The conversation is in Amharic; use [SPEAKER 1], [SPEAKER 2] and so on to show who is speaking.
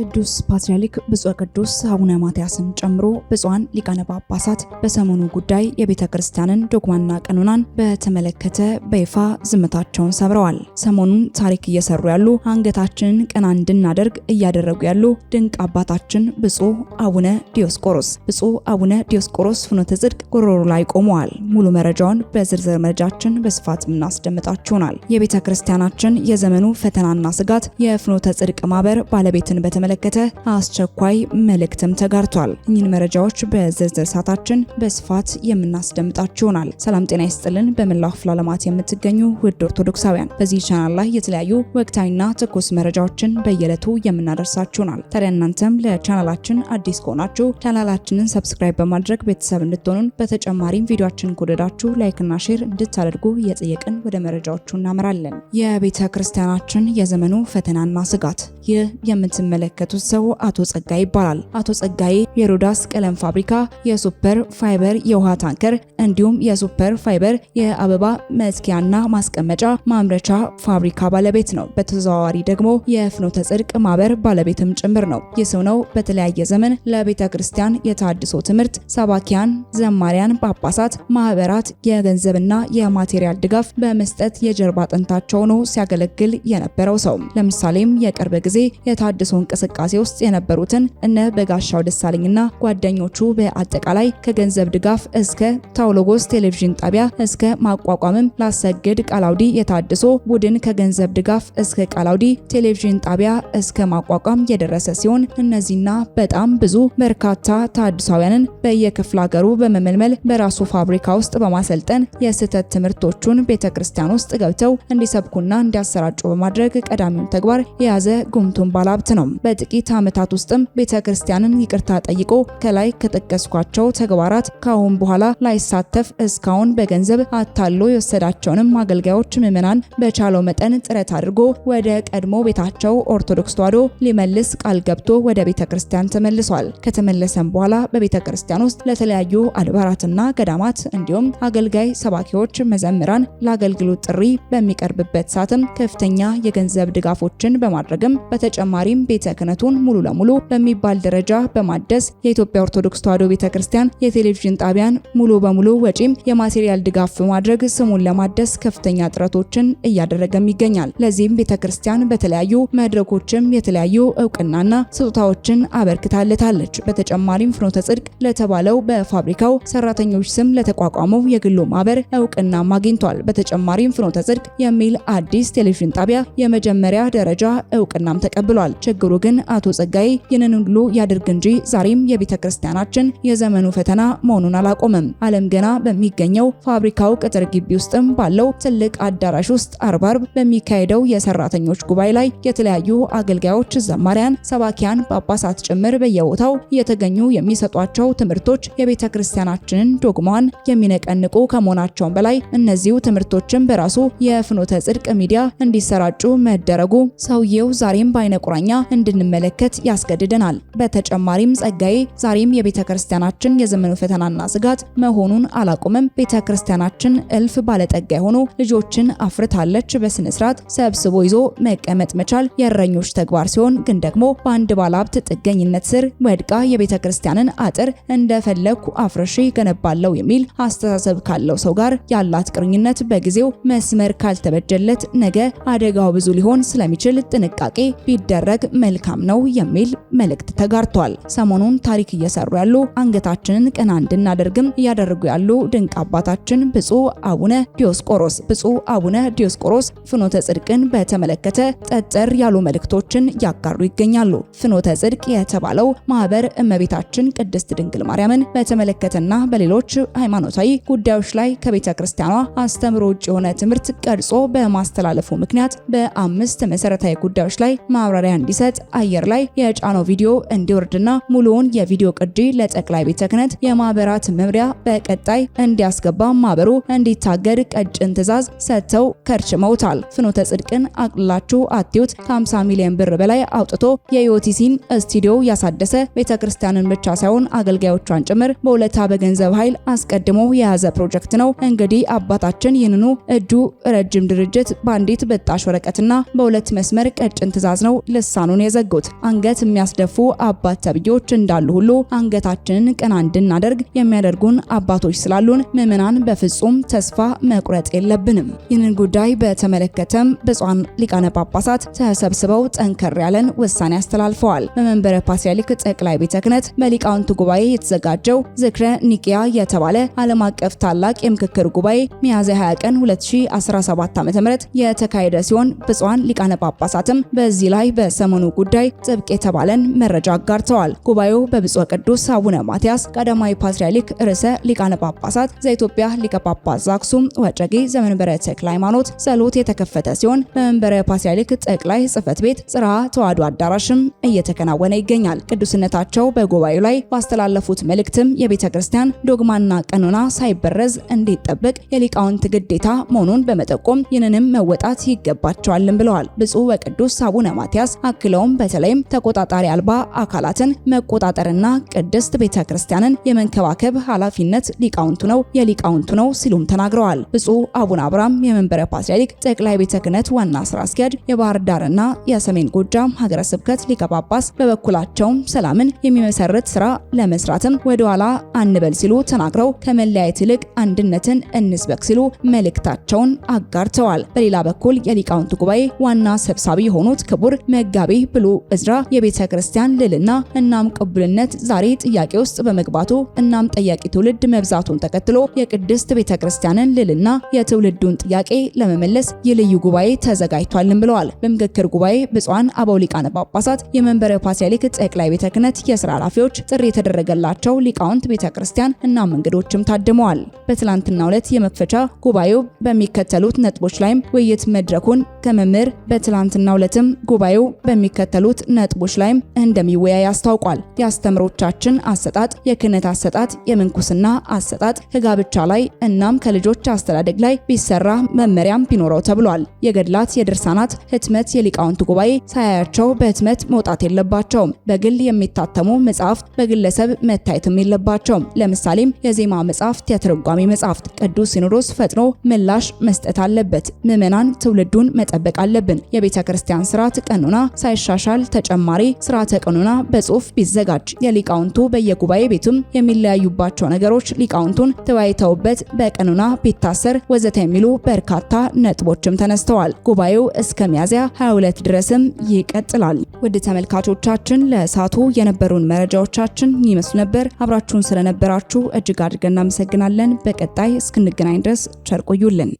[SPEAKER 1] ቅዱስ ፓትርያርክ ብፁዕ ቅዱስ አቡነ ማትያስን ጨምሮ ብፁዓን ሊቃነ ጳጳሳት በሰሞኑ ጉዳይ የቤተ ክርስቲያንን ዶግማና ቀኖናን በተመለከተ በይፋ ዝምታቸውን ሰብረዋል። ሰሞኑን ታሪክ እየሰሩ ያሉ አንገታችንን ቀና እንድናደርግ እያደረጉ ያሉ ድንቅ አባታችን ብፁዕ አቡነ ዲዮስቆሮስ ብፁዕ አቡነ ዲዮስቆሮስ ፍኖተ ጽድቅ ጎሮሮ ላይ ቆመዋል። ሙሉ መረጃውን በዝርዝር መረጃችን በስፋት የምናስደምጣችሁናል። የቤተ ክርስቲያናችን የዘመኑ ፈተናና ስጋት የፍኖተ ጽድቅ ማህበር ባለቤትን በተመለከተ አስቸኳይ መልእክትም ተጋርቷል። እኚህን መረጃዎች በዝርዝር ሰዓታችን በስፋት የምናስደምጣችሁ ይሆናል። ሰላም ጤና ይስጥልን። በመላው ክፍለ ዓለማት የምትገኙ ውድ ኦርቶዶክሳውያን በዚህ ቻናል ላይ የተለያዩ ወቅታዊና ትኩስ መረጃዎችን በየዕለቱ የምናደርሳችሁ ይሆናል። ታዲያ እናንተም ለቻናላችን አዲስ ከሆናችሁ ቻናላችንን ሰብስክራይብ በማድረግ ቤተሰብ እንድትሆኑን በተጨማሪም ቪዲዮችን ከወደዳችሁ ላይክና ሼር እንድታደርጉ የጠየቅን ወደ መረጃዎቹ እናመራለን። የቤተ ክርስቲያናችን የዘመኑ ፈተናና ስጋት ይህ የምትመ የምትመለከቱት ሰው አቶ ጸጋይ ይባላል። አቶ ጸጋይ የሮዳስ ቀለም ፋብሪካ የሱፐር ፋይበር የውሃ ታንከር እንዲሁም የሱፐር ፋይበር የአበባ መትኪያና ማስቀመጫ ማምረቻ ፋብሪካ ባለቤት ነው። በተዘዋዋሪ ደግሞ የፍኖተ ጽድቅ ማህበር ባለቤትም ጭምር ነው። ይህ ሰው ነው በተለያየ ዘመን ለቤተ ክርስቲያን የታድሶ ትምህርት ሰባኪያን፣ ዘማሪያን፣ ጳጳሳት፣ ማህበራት የገንዘብና የማቴሪያል ድጋፍ በመስጠት የጀርባ አጥንታቸው ሆኖ ሲያገለግል የነበረው ሰው። ለምሳሌም የቅርብ ጊዜ የታድሶ እንቅስቃሴ ውስጥ የነበሩትን እነ በጋሻው ደሳለኝና ጓደኞቹ በአጠቃላይ ከገንዘብ ድጋፍ እስከ ታውሎጎስ ቴሌቪዥን ጣቢያ እስከ ማቋቋምም ላሰግድ ቃላውዲ የታድሶ ቡድን ከገንዘብ ድጋፍ እስከ ቃላውዲ ቴሌቪዥን ጣቢያ እስከ ማቋቋም የደረሰ ሲሆን እነዚህና በጣም ብዙ በርካታ ታድሳውያንን በየክፍለ ሀገሩ በመመልመል በራሱ ፋብሪካ ውስጥ በማሰልጠን የስህተት ትምህርቶቹን ቤተክርስቲያን ውስጥ ገብተው እንዲሰብኩና እንዲያሰራጩ በማድረግ ቀዳሚውን ተግባር የያዘ ጉምቱን ባለሀብት ነው። በጥቂት ዓመታት ውስጥም ቤተ ክርስቲያንን ይቅርታ ጠይቆ ከላይ ከጠቀስኳቸው ተግባራት ከአሁን በኋላ ላይሳተፍ እስካሁን በገንዘብ አታሎ የወሰዳቸውንም አገልጋዮች ምዕመናን በቻለው መጠን ጥረት አድርጎ ወደ ቀድሞ ቤታቸው ኦርቶዶክስ ተዋዶ ሊመልስ ቃል ገብቶ ወደ ቤተ ክርስቲያን ተመልሷል። ከተመለሰም በኋላ በቤተ ክርስቲያን ውስጥ ለተለያዩ አድባራትና ገዳማት እንዲሁም አገልጋይ ሰባኪዎች፣ መዘምራን ለአገልግሎት ጥሪ በሚቀርብበት ሰዓትም ከፍተኛ የገንዘብ ድጋፎችን በማድረግም በተጨማሪም ቤተ ቤተ ክህነቱን ሙሉ ለሙሉ በሚባል ደረጃ በማደስ የኢትዮጵያ ኦርቶዶክስ ተዋሕዶ ቤተ ክርስቲያን የቴሌቪዥን ጣቢያን ሙሉ በሙሉ ወጪም የማቴሪያል ድጋፍ በማድረግ ስሙን ለማደስ ከፍተኛ ጥረቶችን እያደረገም ይገኛል። ለዚህም ቤተ ክርስቲያን በተለያዩ መድረኮችም የተለያዩ እውቅናና ስጦታዎችን አበርክታለታለች። በተጨማሪም ፍኖተ ጽድቅ ለተባለው በፋብሪካው ሰራተኞች ስም ለተቋቋመው የግሉ ማህበር እውቅናም አግኝቷል። በተጨማሪም ፍኖተ ጽድቅ የሚል አዲስ ቴሌቪዥን ጣቢያ የመጀመሪያ ደረጃ እውቅናም ተቀብሏል። ችግሩ ግን አቶ ጸጋዬ ይህንን ሁሉ ያድርግ እንጂ ዛሬም የቤተ ክርስቲያናችን የዘመኑ ፈተና መሆኑን አላቆመም። ዓለም ገና በሚገኘው ፋብሪካው ቅጥር ግቢ ውስጥም ባለው ትልቅ አዳራሽ ውስጥ አርብ አርብ በሚካሄደው የሰራተኞች ጉባኤ ላይ የተለያዩ አገልጋዮች፣ ዘማሪያን፣ ሰባኪያን፣ ጳጳሳት ጭምር በየቦታው እየተገኙ የሚሰጧቸው ትምህርቶች የቤተ ክርስቲያናችንን ዶግማዋን የሚነቀንቁ ከመሆናቸውም በላይ እነዚሁ ትምህርቶችን በራሱ የፍኖተ ጽድቅ ሚዲያ እንዲሰራጩ መደረጉ ሰውየው ዛሬም በአይነ ቁራኛ እንድንመለከት ያስገድደናል። በተጨማሪም ጸጋዬ ዛሬም የቤተ ክርስቲያናችን የዘመኑ ፈተናና ስጋት መሆኑን አላቆመም። ቤተ ክርስቲያናችን እልፍ ባለጠጋ ሆኖ ልጆችን አፍርታለች። በስነ ስርዓት ሰብስቦ ይዞ መቀመጥ መቻል የእረኞች ተግባር ሲሆን ግን ደግሞ በአንድ ባለሀብት ጥገኝነት ስር ወድቃ የቤተ ክርስቲያንን አጥር እንደፈለኩ አፍርሼ ገነባለው የሚል አስተሳሰብ ካለው ሰው ጋር ያላት ቅርኝነት በጊዜው መስመር ካልተበጀለት ነገ አደጋው ብዙ ሊሆን ስለሚችል ጥንቃቄ ቢደረግ መልካም ነው የሚል መልእክት ተጋርቷል። ሰሞኑን ታሪክ እየሰሩ ያሉ አንገታችንን ቀና እንድናደርግም እያደረጉ ያሉ ድንቅ አባታችን ብፁዕ አቡነ ዲዮስቆሮስ ብፁዕ አቡነ ዲዮስቆሮስ ፍኖተ ጽድቅን በተመለከተ ጠጠር ያሉ መልእክቶችን ያጋሩ ይገኛሉ። ፍኖተ ጽድቅ የተባለው ማህበር እመቤታችን ቅድስት ድንግል ማርያምን በተመለከተና በሌሎች ሃይማኖታዊ ጉዳዮች ላይ ከቤተ ክርስቲያኗ አስተምሮ ውጭ የሆነ ትምህርት ቀርጾ በማስተላለፉ ምክንያት በአምስት መሰረታዊ ጉዳዮች ላይ ማብራሪያ እንዲሰጥ በማለት አየር ላይ የጫነው ቪዲዮ እንዲወርድና ሙሉውን የቪዲዮ ቅጂ ለጠቅላይ ቤተ ክህነት የማህበራት መምሪያ በቀጣይ እንዲያስገባ ማህበሩ እንዲታገድ ቀጭን ትዕዛዝ ሰጥተው ከርችመውታል። ፍኖተ ጽድቅን አቅልላችሁ አትዩት። ከ50 ሚሊዮን ብር በላይ አውጥቶ የዮቲሲን ስቱዲዮ ያሳደሰ ቤተ ክርስቲያንን ብቻ ሳይሆን አገልጋዮቿን ጭምር በሁለታ በገንዘብ ኃይል አስቀድሞ የያዘ ፕሮጀክት ነው። እንግዲህ አባታችን ይህንኑ እጁ ረጅም ድርጅት በአንዲት በጣሽ ወረቀትና በሁለት መስመር ቀጭን ትዕዛዝ ነው ልሳኑን አንገታቸውን የዘጉት። አንገት የሚያስደፉ አባት ተብዮች እንዳሉ ሁሉ አንገታችንን ቀና እንድናደርግ የሚያደርጉን አባቶች ስላሉን ምዕመናን በፍጹም ተስፋ መቁረጥ የለብንም። ይህንን ጉዳይ በተመለከተም ብፁዓን ሊቃነ ጳጳሳት ተሰብስበው ጠንከር ያለን ውሳኔ አስተላልፈዋል። በመንበረ ፓትርያርክ ጠቅላይ ቤተ ክህነት በሊቃውንት ጉባኤ የተዘጋጀው ዝክረ ኒቂያ የተባለ ዓለም አቀፍ ታላቅ የምክክር ጉባኤ ሚያዝያ 20 ቀን 2017 ዓ.ም የተካሄደ ሲሆን ብፁዓን ሊቃነ ጳጳሳትም በዚህ ላይ በሰሞኑ ጉዳይ ጥብቅ የተባለን መረጃ አጋርተዋል። ጉባኤው በብፁዕ ቅዱስ አቡነ ማትያስ ቀዳማዊ ፓትርያርክ ርዕሰ ሊቃነ ጳጳሳት ዘኢትዮጵያ ሊቀ ጳጳስ ዘአክሱም ወጨጌ ዘመንበረ ተክለ ሃይማኖት ጸሎት የተከፈተ ሲሆን በመንበረ ፓትርያርክ ጠቅላይ ጽሕፈት ቤት ጽርሐ ተዋሕዶ አዳራሽም እየተከናወነ ይገኛል። ቅዱስነታቸው በጉባኤው ላይ ባስተላለፉት መልእክትም የቤተ ክርስቲያን ዶግማና ቀኖና ሳይበረዝ እንዲጠበቅ የሊቃውንት ግዴታ መሆኑን በመጠቆም ይህንንም መወጣት ይገባቸዋልም ብለዋል። ብፁዕ ወቅዱስ አቡነ ማትያስ አክለው ይኸውም በተለይም ተቆጣጣሪ አልባ አካላትን መቆጣጠርና ቅድስት ቤተክርስቲያንን የመንከባከብ ኃላፊነት ሊቃውንቱ ነው የሊቃውንቱ ነው ሲሉም ተናግረዋል። ብፁዕ አቡነ አብርሃም የመንበረ ፓትርያርክ ጠቅላይ ቤተ ክህነት ዋና ስራ አስኪያጅ የባህር ዳርና የሰሜን ጎጃም ሀገረ ስብከት ሊቀ ጳጳስ በበኩላቸውም ሰላምን የሚመሰርት ስራ ለመስራትም ወደኋላ አንበል ሲሉ ተናግረው ከመለያየት ይልቅ አንድነትን እንስበክ ሲሉ መልእክታቸውን አጋርተዋል። በሌላ በኩል የሊቃውንቱ ጉባኤ ዋና ሰብሳቢ የሆኑት ክቡር መጋቢ ብሎ እዝራ የቤተ ክርስቲያን ልዕልና እናም ቅቡልነት ዛሬ ጥያቄ ውስጥ በመግባቱ እናም ጠያቂ ትውልድ መብዛቱን ተከትሎ የቅድስት ቤተ ክርስቲያንን ልዕልና የትውልዱን ጥያቄ ለመመለስ የልዩ ጉባኤ ተዘጋጅቷልን ብለዋል። በምክክር ጉባኤ ብፁዓን አበው ሊቃነ ጳጳሳት፣ የመንበረ ፓትርያርክ ጠቅላይ ቤተ ክህነት የስራ ኃላፊዎች፣ ጥሪ የተደረገላቸው ሊቃውንት ቤተ ክርስቲያን እናም እንግዶችም ታድመዋል። በትላንትና ዕለት የመክፈቻ ጉባኤው በሚከተሉት ነጥቦች ላይም ውይይት መድረኩን ከመምህር በትላንትና ዕለትም ጉባኤው በሚ በሚከተሉት ነጥቦች ላይም እንደሚወያይ አስታውቋል። የአስተምሮቻችን አሰጣጥ፣ የክህነት አሰጣጥ፣ የምንኩስና አሰጣጥ ከጋብቻ ላይ እናም ከልጆች አስተዳደግ ላይ ቢሰራ መመሪያም ቢኖረው ተብሏል። የገድላት፣ የድርሳናት ህትመት የሊቃውንት ጉባኤ ሳያያቸው በህትመት መውጣት የለባቸውም። በግል የሚታተሙ መጽሐፍት በግለሰብ መታየትም የለባቸውም። ለምሳሌም የዜማ መጽሐፍት፣ የትርጓሜ መጽሐፍት። ቅዱስ ሲኖዶስ ፈጥኖ ምላሽ መስጠት አለበት። ምዕመናን ትውልዱን መጠበቅ አለብን። የቤተ ክርስቲያን ስርዓት ቀኖና ሳይ ለማሻሻል ተጨማሪ ስርዓተ ቀኖና በጽሁፍ ቢዘጋጅ የሊቃውንቱ በየጉባኤ ቤቱም የሚለያዩባቸው ነገሮች ሊቃውንቱን ተወያይተውበት በቀኖና ቢታሰር ወዘተ የሚሉ በርካታ ነጥቦችም ተነስተዋል። ጉባኤው እስከ ሚያዝያ 22 ድረስም ይቀጥላል። ውድ ተመልካቾቻችን ለእሳቱ የነበሩን መረጃዎቻችን ይመስሉ ነበር። አብራችሁን ስለነበራችሁ እጅግ አድርገን እናመሰግናለን። በቀጣይ እስክንገናኝ ድረስ ቸር ቆዩልን።